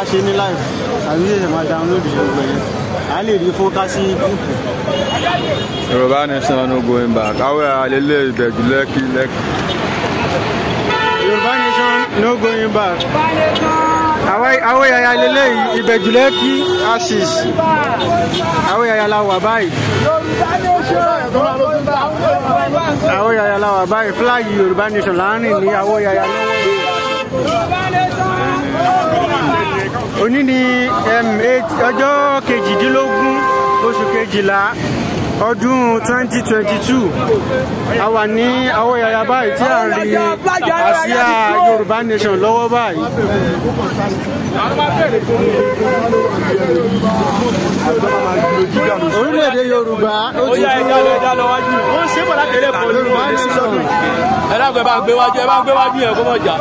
bá ṣe ní live àbí ṣẹ̀ṣẹ̀ máa download ṣe gbogbo yẹn a lè rí fọ́nká sí gúùpù. Yorùbá nation no going back àwọn àlelé ìbẹ̀jú lẹ́kì lẹ́kì. Yorùbá nation no going back àwọn yàyà lélẹ̀ ìbẹ̀jú lẹ́kì axis àwọn yàyà la wà báyìí. àwọn yàyà la wà báyìí fúláàgì Yorùbá nation láàrin ní àwọn yàyà lọ́wọ́ yìí òní ni ọjọ́ kejìdínlógún oṣù kejìlá ọdún 2022 a wà ní Àwọ̀yàyà báyìí tí a rí àsíá Yorùbá Nation lọ́wọ́ báyìí. orílẹ̀-èdè Yorùbá ó ti dúró ó ń ṣe bọ̀ láti ẹlẹ́kọ̀ọ́ Yorùbá Nation. ẹ dákun ẹ bá ń gbé wájú ẹ bá gbé wájú yẹn kó mọ̀ jà.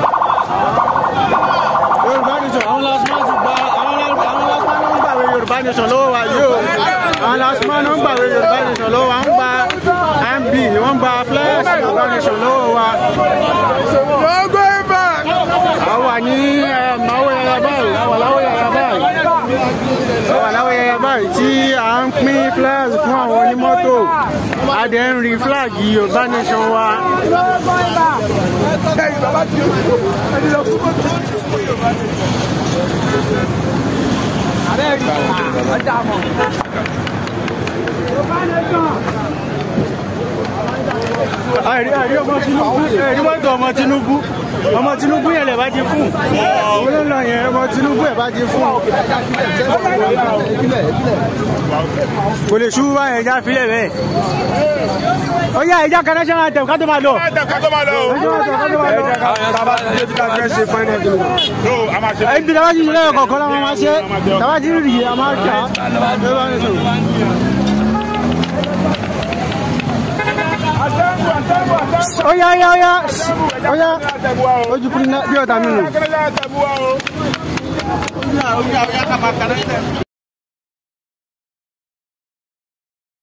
Yorùbá nation àwọn lásìmọ́ ti gba àwọn lásìmọ́ ló ń gbàwé Yorùbá nation lọ́wọ́ wa yìí o àwọn lásìmọ́ ló ń gbàwé Yorùbá nation lọ́wọ́. à ń pín flag fún àwọn onímọ́tò a dẹ̀ ń rí flag Yorùbá nation wa. Yorùbá nation ẹ̀rí ẹ̀rí ọmọ Tinubu ẹ̀rí mọ́tò ọmọ Tinubu ọmọ Tinubu yẹn lè bá ti fún òun ló lọ yẹn ọmọ Tinubu ẹ̀ bá ti fún kò lè ṣubú báyẹn ẹja filẹ̀ bẹ́ẹ̀ ó yá ẹja kan national anthem ká tó máa lọ. ẹni tí tabati ṣe lẹ́yìn kọ̀ọ̀kan láwọn máa ṣe tabati rìndì yìí a máa jà. Oh ya ya ya, oh ya, oh bí ọ̀dà mi nù.